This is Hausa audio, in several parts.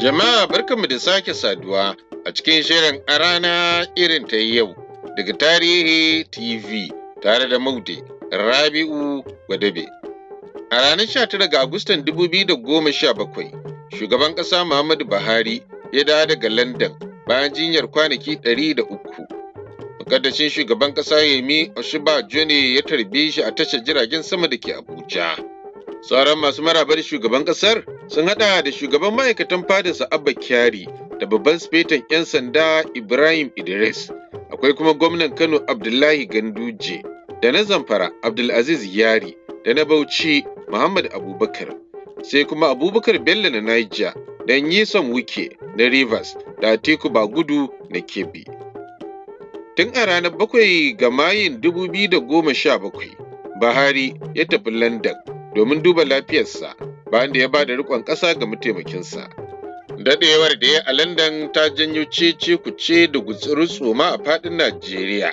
Jama'a barkanmu da sake saduwa a cikin shirin a rana irin ta yau daga Tarihi TV tare da Maude Rabi'u Gwadabe. A ranar 19 ga Agustan 2017, shugaban ƙasa Muhammadu Buhari ya dawo daga London bayan jinyar kwanaki 103. Mukaddashin shugaban ƙasa Yemi Oshiba ne ya tarbe shi a tashar jiragen sama da ke Abuja. Sauran masu marabar shugaban ƙasar sun hada da shugaban ma'aikatan fadarsa Abba Kyari da babban spetan 'yan sanda Ibrahim Idris. Akwai kuma gwamnan Kano Abdullahi Ganduje da na Zamfara Abdulaziz Yari da na Bauchi Muhammad Abubakar. Sai kuma Abubakar Bello na Niger da nyisan Wike na Rivers da Atiku Bagudu na Kebbi. Tun a ranar bakwai ga Mayun 2017, Buhari ya tafi London domin duba lafiyarsa bayan da ya ba da riƙon ƙasa ga mataimakinsa. Daɗewar da ya a Landan ta janyo cece kuce da gutsuru tsoma a faɗin Najeriya.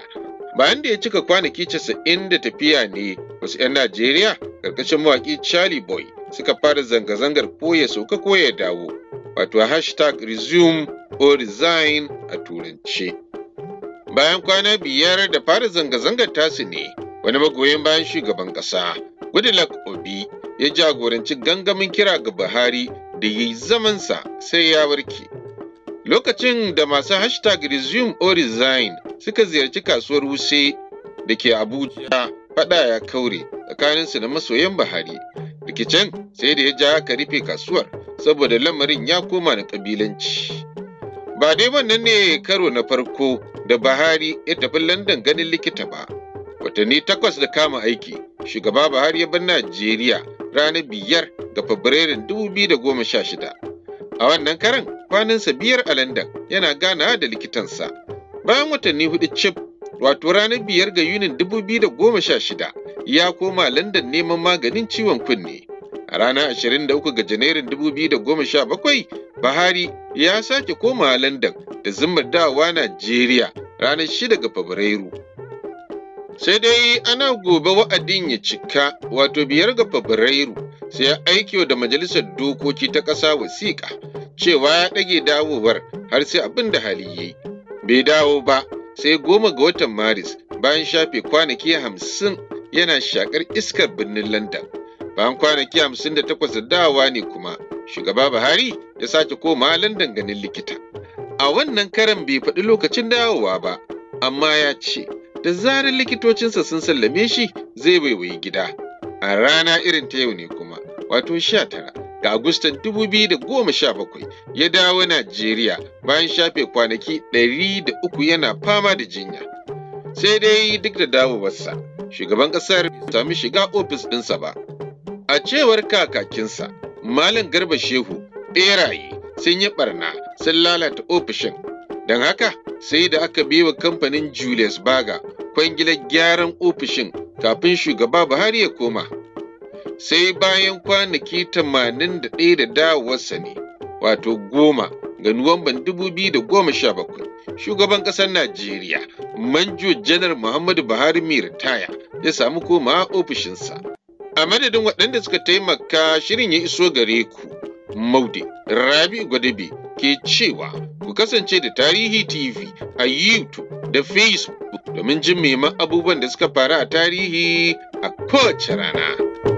Bayan da ya cika kwanaki casa'in da tafiya ne wasu 'yan Najeriya ƙarƙashin mawaƙi Charlie Boy suka fara zanga-zangar ko ya sauka ko ya dawo wato hashtag resume or resign a turance. Bayan kwana biyar da fara zanga-zangar tasu ne wani magoyin bayan shugaban ƙasa Goodluck Obi ya jagoranci gangamin kira ga Buhari da ya yi zamansa sai ya warke. Lokacin da masu hashtag resume or resign suka ziyarci kasuwar Wuse da ke Abuja faɗa ya kaure tsakaninsu da masoyan Buhari. Rikicin sai da ya ja ka rufe kasuwar saboda lamarin ya koma na ƙabilanci. Ba dai wannan ne karo na farko da Buhari ya tafi London ganin likita ba. Watanni takwas da kama aiki, shugaba Buhari ya bar Najeriya ranar biyar ga Fabrairun 2016. A wannan karan sa biyar a London yana ganawa da likitansa. Bayan watanni hudu cif wato ranar biyar ga Yunin 2016 ya koma London neman maganin ciwon kunne. A ranar 23 ga Janairun 2017, Buhari ya sake koma London da zimmar dawowa Najeriya ranar 6 ga Fabrairu. Sai dai ana gobe wa'adin ya cika wato biyar ga Fabrairu sai ya aiki da majalisar dokoki ta ƙasa wasiƙa cewa ya ɗage dawowar har sai abin da hali ya yi. Bai dawo ba sai goma ga watan Maris bayan shafe kwanaki hamsin yana shakar iskar birnin London. Bayan kwanaki hamsin da takwas da dawa ne kuma shugaba Buhari ya sake koma London ganin likita. A wannan karan bai faɗi lokacin dawowa ba, amma ya ce da zarar likitocinsa sun sallame shi zai waiwayi gida. A rana irin ta yau ne kuma, wato sha tara ga Agustan dubu biyu da goma sha bakwai ya dawo Najeriya bayan shafe kwanaki ɗari da uku yana fama da jinya. Sai dai duk da dawo basa, shugaban ƙasar sami shiga ofis ɗinsa ba. A cewar kakakinsa, Malam Garba Shehu, ɓeraye sun yi ɓarna sun lalata ofishin. Don haka, sai da aka biwa kamfanin Julius Baga kwangilar gyaran ofishin kafin shugaba Buhari ya koma. Sai bayan kwanaki tamanin da ɗaya da dawowarsa ne, wato goma ga Nuwamban 2017, shugaban ƙasar Najeriya, Manjo Janar Muhammadu Buhari mai ritaya ya samu komawa ofishinsa. A madadin waɗanda suka taimaka shirin ya iso gare ku, Maude, Rabi Gwadabe ke cewa ku kasance da Tarihi TV a YouTube da Facebook. domin jin muhimman abubuwan da suka faru a tarihi a kowace rana.